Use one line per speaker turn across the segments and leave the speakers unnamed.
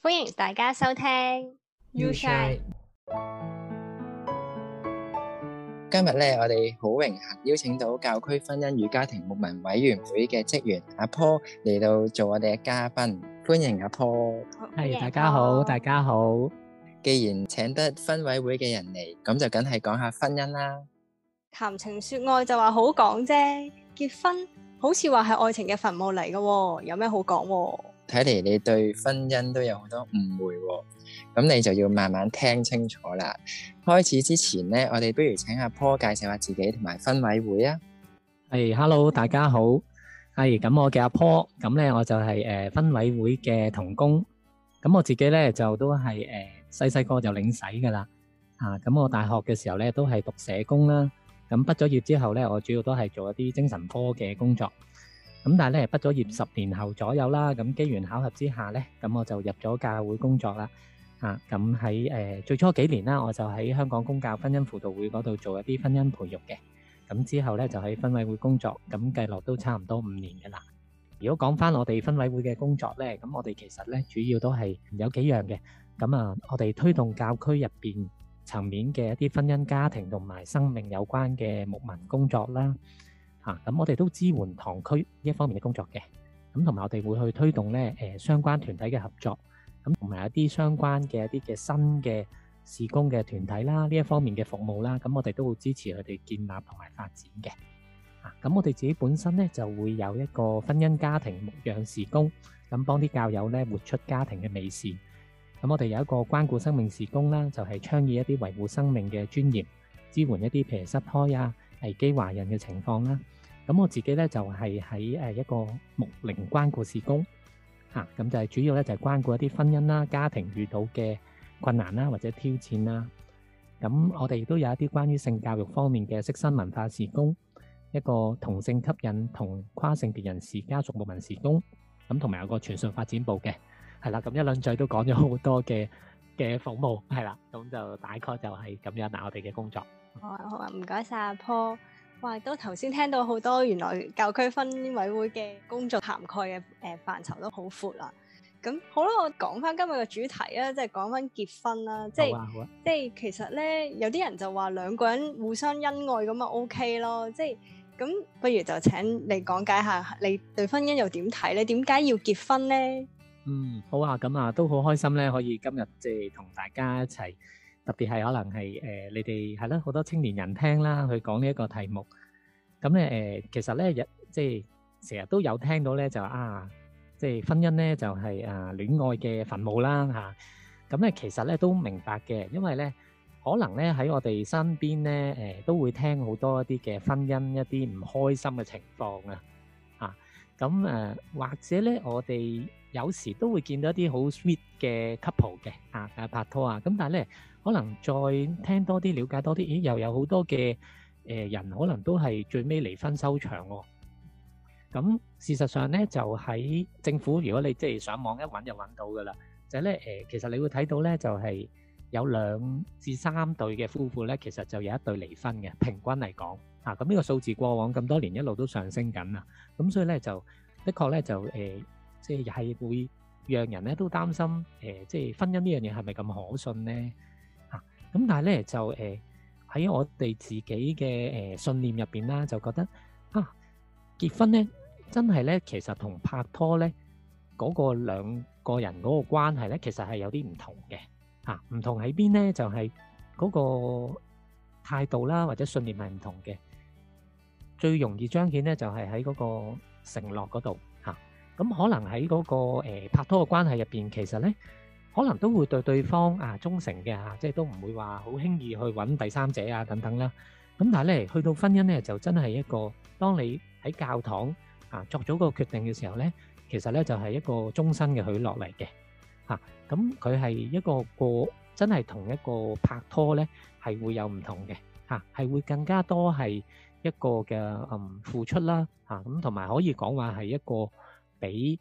歡迎大
家收聽。You try。今日咧，我哋好榮幸邀請到教區婚姻與家庭牧民委員會嘅職員阿坡嚟到做我哋嘅嘉賓，歡迎阿坡。係，大家好，大家好。既然請得婚委會嘅人嚟，咁就梗係講下婚姻啦。
談情說愛就話好講啫，結婚好似話係愛情嘅墳墓嚟噶，有咩好講？
睇嚟你對婚姻都有好多誤會，咁你就要慢慢聽清楚啦。開始之前咧，我哋不如請阿坡介紹下自己同埋婚委會啊。係，hello，大
家好。係，咁我叫阿坡，咁咧我就係誒婚委會嘅同工。咁我自己咧就都係誒細細個就領洗噶啦。啊，咁我大學嘅時候咧都係讀社工啦。咁畢咗業之後咧，我主要都係做一啲精神科嘅工作。咁但係咧，畢咗業十年後左右啦，咁機緣巧合之下咧，咁我就入咗教會工作啦。啊，咁喺誒最初幾年啦，我就喺香港公教婚姻輔導會嗰度做一啲婚姻培育嘅。咁之後咧就喺分委會工作，咁計落都差唔多五年噶啦。如果講翻我哋分委會嘅工作咧，咁我哋其實咧主要都係有幾樣嘅。咁啊，我哋推動教區入邊層面嘅一啲婚姻家庭同埋生命有關嘅牧民工作啦。啊，咁我哋都支援堂區呢一方面嘅工作嘅，咁同埋我哋會去推動咧誒相關團體嘅合作，咁同埋有啲相關嘅一啲嘅新嘅事工嘅團體啦，呢一方面嘅服務啦，咁我哋都會支持佢哋建立同埋發展嘅。啊，咁我哋自己本身咧就會有一個婚姻家庭牧養事工，咁幫啲教友咧活出家庭嘅美事。咁我哋有一個關顧生命事工啦，就係倡議一啲維護生命嘅尊嚴，支援一啲譬如失胎啊、危機懷孕嘅情況啦。咁我自己咧就係喺誒一個牧靈關顧事工吓，咁就係主要咧就係關顧一啲婚姻啦、家庭遇到嘅困難啦或者挑戰啦。咁我哋亦都有一啲關於性教育方面嘅色身文化事工，一個同性吸引同跨性別人士家屬牧民事工，咁同埋有個傳訊發展部嘅，係啦。咁一兩句都講咗好多嘅嘅服務，係啦。咁就大概就係咁樣啦，我哋嘅工作。
好啊好啊，唔該晒阿波。哇！都頭先聽到好多原來教區分委會嘅工作涵蓋嘅誒範疇都好闊啦。咁好啦，我講翻今日嘅主題啦，即係講翻結婚啦。即係、啊啊、即係其實咧，有啲人就話兩個人互相恩愛咁啊 OK 咯。即係咁，不如就請你講解下你對婚姻又點睇咧？你點解要結婚咧？嗯，
好啊。咁啊，都好開心咧，可以今日即係同大家一齊。特別係可能係誒你哋係咯好多青年人聽啦，去講呢一個題目。咁咧誒，其實咧有即係成日都有聽到咧，就啊，即係婚姻咧就係啊戀愛嘅墳墓啦嚇。咁咧其實咧都明白嘅，因為咧可能咧喺我哋身邊咧誒都會聽好多一啲嘅婚姻一啲唔開心嘅情況啊。咁誒，或者咧，我哋有時都會見到一啲好 sweet 嘅 couple 嘅，啊啊拍拖啊，咁但係咧，可能再聽多啲，瞭解多啲，咦又有好多嘅誒人，可能都係最尾離婚收場喎。咁事實上咧，就喺政府，如果你即係上網一揾就揾到㗎喇，就係咧誒，其實你會睇到咧，就係。有兩至三對嘅夫婦咧，其實就有一對離婚嘅。平均嚟講，啊咁呢個數字過往咁多年一路都上升緊啦。咁所以咧就的確咧就誒，即係係會讓人咧都擔心誒，即係婚姻呢樣嘢係咪咁可信咧？啊咁，但係咧就誒喺我哋自己嘅誒信念入邊啦，就覺得啊結婚咧真係咧其實同拍拖咧嗰個兩個人嗰個關係咧，其實係有啲唔同嘅。啊，唔同喺邊咧，就係嗰個態度啦，或者信念係唔同嘅。最容易彰顯咧，就係喺嗰個承諾嗰度。吓，咁可能喺嗰個誒拍拖嘅關係入邊，其實咧可能都會對對方啊忠誠嘅吓，即係都唔會話好輕易去揾第三者啊等等啦。咁但係咧，去到婚姻咧，就真係一個當你喺教堂啊作咗個決定嘅時候咧，其實咧就係一個終身嘅許諾嚟嘅。嚇，咁佢係一個個真係同一個拍拖咧，係會有唔同嘅嚇，係會更加多係一個嘅嗯付出啦嚇，咁同埋可以講話係一個俾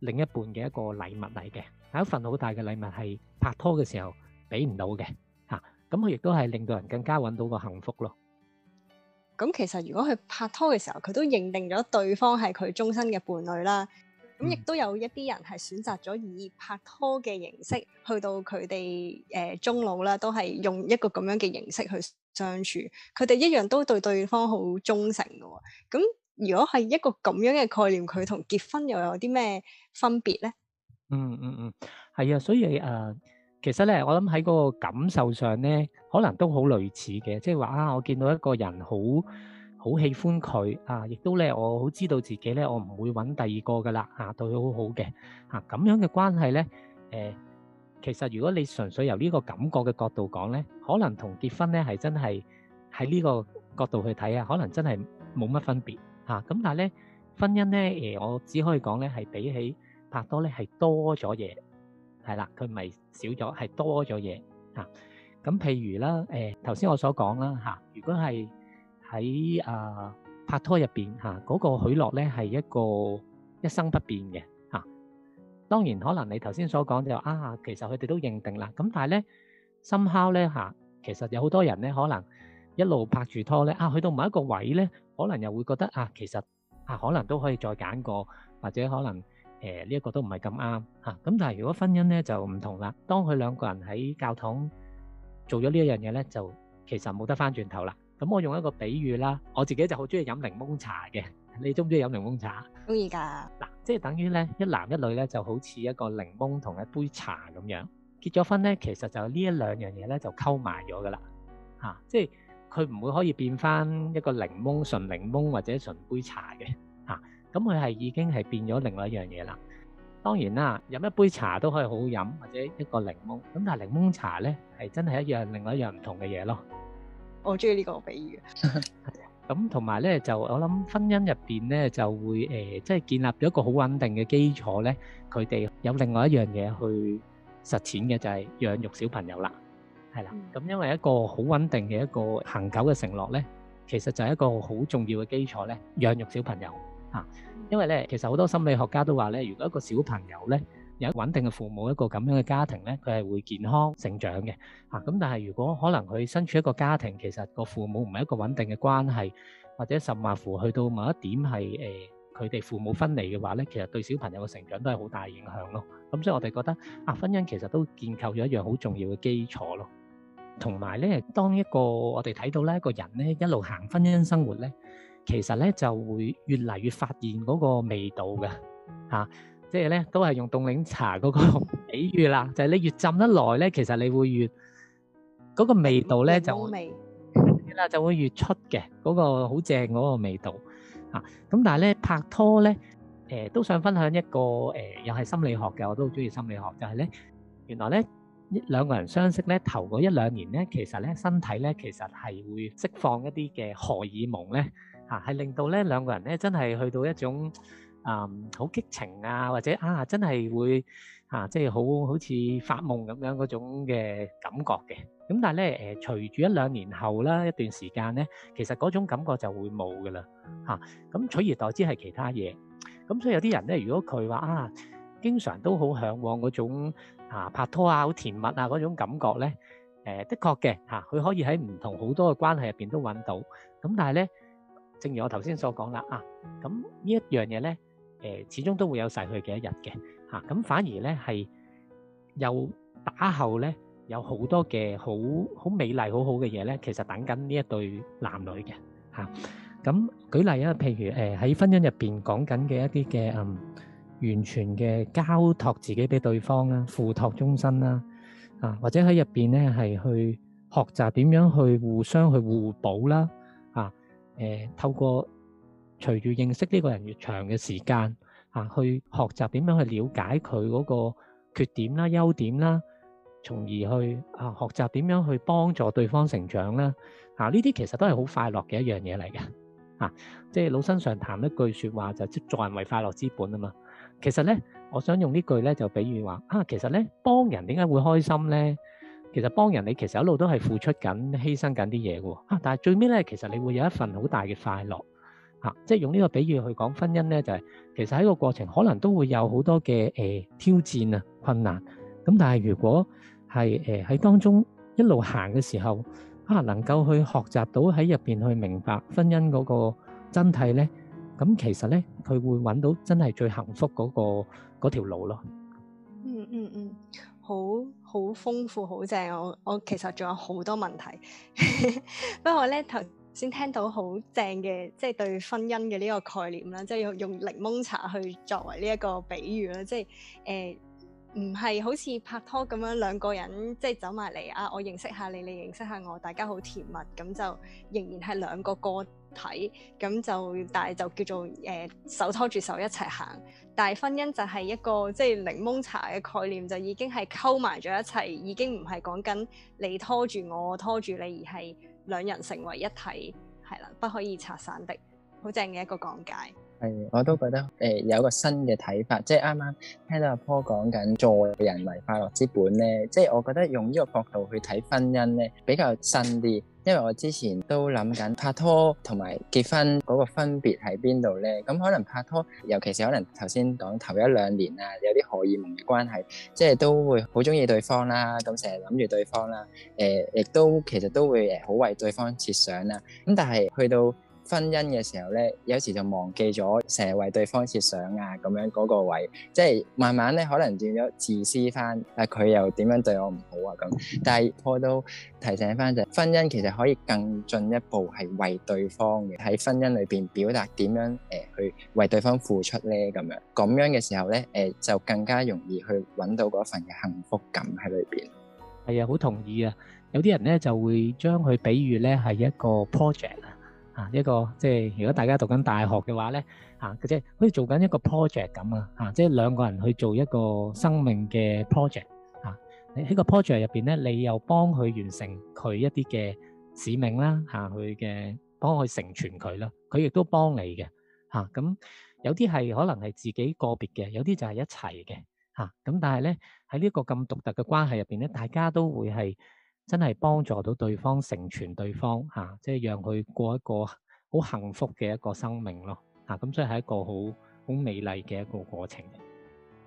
另一半嘅一個禮物嚟嘅，係一份好大嘅禮物，係拍拖嘅時候俾唔到嘅嚇，咁佢亦都係令到人更加揾到個幸福咯。
咁其實如果佢拍拖嘅時候，佢都認定咗對方係佢終身嘅伴侶啦。咁亦都有一啲人係選擇咗以拍拖嘅形式去到佢哋誒終老啦，都係用一個咁樣嘅形式去相處，佢哋一樣都對對方好忠誠嘅喎。咁如果係一個咁樣嘅概念，佢同結婚又有啲咩分別咧？
嗯嗯嗯，係啊，所以誒，其實咧，我諗喺嗰個感受上咧，可能都好類似嘅，即係話啊，我見到一個人好。好喜歡佢啊！亦都咧，我好知道自己咧，我唔會揾第二個噶啦啊！對佢好好嘅啊，咁樣嘅關係咧，誒，其實如果你純粹由呢個感覺嘅角度講咧，可能同結婚咧係真係喺呢個角度去睇啊，可能真係冇乜分別嚇。咁但係咧，婚姻咧誒，我只可以講咧係比起拍拖咧係多咗嘢，係啦，佢唔係少咗，係多咗嘢嚇。咁譬如啦，誒頭先我所講啦嚇，如果係。喺啊拍拖入邊嚇，嗰個許諾咧係一個一生不變嘅嚇。當然可能你頭先所講就啊，其實佢哋都認定啦。咁但係咧，深敲咧嚇，其實有好多人咧可能一路拍住拖咧啊，去到某一個位咧，可能又會覺得啊，其實啊可能都可以再揀過，或者可能誒呢一個都唔係咁啱嚇。咁但係如果婚姻咧就唔同啦，當佢兩個人喺教堂做咗呢一樣嘢咧，就其實冇得翻轉頭啦。咁、嗯、我用一個比喻啦，我自己就好中意飲檸檬茶嘅。你中唔中意飲檸檬茶？
中意㗎。嗱、啊，
即係等於咧，一男一女咧就好似一個檸檬同一杯茶咁樣。結咗婚咧，其實就呢一兩樣嘢咧就溝埋咗㗎啦。吓、啊？即係佢唔會可以變翻一個檸檬純檸檬或者純杯茶嘅。吓、啊？咁佢係已經係變咗另外一樣嘢啦。當然啦，飲一杯茶都可以好好飲，或者一個檸檬。咁、啊、但係檸檬茶咧係真係一樣另外一樣唔同嘅嘢咯。
我中意呢個比喻。
咁同埋咧，就我諗婚姻入邊咧，就會誒，即係建立咗一個好穩定嘅基礎咧。佢哋有另外一樣嘢去實踐嘅就係養育小朋友啦，係啦。咁因為一個好穩定嘅一個恆久嘅承諾咧，其實就係一個好重要嘅基礎咧。養育小朋友吓，因為咧，其實好多心理學家都話咧，如果一個小朋友咧，有穩定嘅父母，一個咁樣嘅家庭咧，佢係會健康成長嘅嚇。咁但係如果可能佢身處一個家庭，其實個父母唔係一個穩定嘅關係，或者甚或乎去到某一點係誒佢哋父母分離嘅話咧，其實對小朋友嘅成長都係好大影響咯。咁所以我哋覺得啊，婚姻其實都建構咗一樣好重要嘅基礎咯。同埋咧，當一個我哋睇到咧，個人咧一路行婚姻生活咧，其實咧就會越嚟越發現嗰個味道嘅嚇。即係咧，都係用凍檸茶嗰個比喻啦。就係你越浸得耐咧，其實你會越嗰個味道咧
就，
嗱就會越出嘅嗰個好正嗰個味道啊。咁但係咧拍拖咧，誒都想分享一個誒又係心理學嘅，我都好中意心理學，就係咧原來咧兩個人相識咧頭嗰一兩年咧，其實咧身體咧其實係會釋放一啲嘅荷爾蒙咧，嚇係令到咧兩個人咧真係去到一種。啊，好激情啊，或者啊，真係會啊，即係好好似發夢咁樣嗰種嘅感覺嘅。咁但係咧，誒，隨住一兩年後啦，一段時間咧，其實嗰種感覺就會冇噶啦，吓。咁取而代之係其他嘢。咁所以有啲人咧，如果佢話啊，經常都好向往嗰種啊拍拖啊好甜蜜啊嗰種感覺咧，誒，的確嘅吓，佢可以喺唔同好多嘅關係入邊都搵到。咁但係咧，正如我頭先所講啦，啊，咁呢一樣嘢咧。誒，始終都會有逝去嘅一日嘅，吓，咁反而咧，係又打後咧，有好多嘅好好美麗好好嘅嘢咧，其實等緊呢一對男女嘅，吓，咁舉例啊，譬如誒喺婚姻入邊講緊嘅一啲嘅嗯，完全嘅交託自己俾對方啊，付託終身啦，啊或者喺入邊咧係去學習點樣去互相去互補啦，啊誒透過。隨住認識呢個人越長嘅時間，嚇、啊、去學習點樣去了解佢嗰個缺點啦、優點啦，從而去啊學習點樣去幫助對方成長啦。嗱、啊，呢啲其實都係好快樂嘅一樣嘢嚟嘅，嚇、啊、即係老生常談一句説話就助、即、人為快樂之本啊嘛。其實咧，我想用句呢句咧就比喻話啊，其實咧幫人點解會開心咧？其實幫人你其實一路都係付出緊、犧牲緊啲嘢嘅喎，但係最尾咧其實你會有一份好大嘅快樂。即係用呢個比喻去講婚姻咧，就係其實喺個過程可能都會有好多嘅誒挑戰啊困難，咁但係如果係誒喺當中一路行嘅時候啊，能夠去學習到喺入邊去明白婚姻嗰個真諦咧，咁其實咧佢會揾到真係最幸福嗰個嗰條路咯。嗯
嗯
嗯，好好豐富，好正。我我其實仲有好多問題，不過咧頭。先聽到好正嘅，即係對婚姻嘅呢個概念啦，即係用用檸檬茶去作為呢一個比喻啦，即係誒唔係好似拍拖咁樣，兩個人即係走埋嚟啊，我認識下你，你認識下我，大家好甜蜜，咁就仍然係兩個個體，咁就但係就叫做誒手拖住手一齊行，但係婚姻就係一個即係檸檬茶嘅概念，就已經係溝埋咗一齊，已經唔係講緊你拖住我，拖住你，而係。兩人成為一體，係啦，不可以拆散的，好正嘅一個講解。
係，我都覺得誒、呃、有個新嘅睇法，即係啱啱聽到阿坡講緊助人為快樂之本咧，即係我覺得用呢個角度去睇婚姻咧，比較新啲。因為我之前都諗緊拍拖同埋結婚嗰個分別喺邊度呢？咁、嗯、可能拍拖，尤其是可能頭先講頭一兩年啊，有啲荷爾蒙嘅關係，即係都會好鍾意對方啦，咁成日諗住對方啦，誒、呃，亦都其實都會誒好為對方設想啦。咁、嗯、但係去到，婚姻嘅時候咧，有時就忘記咗成日為對方設想啊，咁樣嗰個位，即係慢慢咧可能變咗自私翻。但，佢又點樣對我唔好啊？咁，但係我都提醒翻就係，婚姻其實可以更進一步係為對方嘅喺婚姻裏邊表達點樣誒，去為對方付出咧，咁樣咁樣，嘅時候咧誒，就更加容易去揾到嗰份嘅幸福感喺裏邊。
係啊，好同意啊！有啲人咧就會將佢比喻咧係一個 project。啊，一個即係如果大家讀緊大學嘅話咧，啊，即係好似做緊一個 project 咁啊，啊，即係兩個人去做一個生命嘅 project 啊，喺個 project 入邊咧，你又幫佢完成佢一啲嘅使命啦，嚇佢嘅幫佢成全佢啦，佢亦都幫你嘅，嚇咁有啲係可能係自己個別嘅，有啲就係一齊嘅，嚇咁但係咧喺呢個咁獨特嘅關係入邊咧，大家都會係。真係幫助到對方成全對方吓，即係讓佢過一個好幸福嘅一個生命咯。吓咁，所以係一個好好美麗嘅一個過程嚟。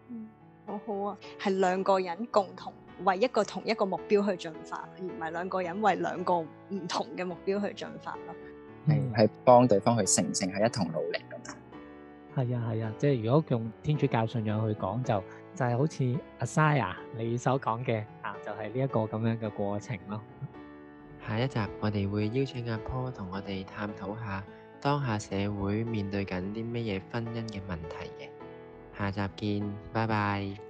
嗯，
好好啊，係兩個人共同為一個同一個目標去進化，而唔係兩個人為兩個唔同嘅目標去進化咯。
係係幫對方去成成，係一同努力咁樣。
係啊係啊，即係如果用天主教信仰去講，就就係好似阿沙雅
你所講嘅。就係呢一個咁樣嘅過程咯。下一集我哋會邀請阿 Paul 同我哋探討下當下社會面對緊啲乜嘢婚姻嘅問題嘅。下集見，拜拜。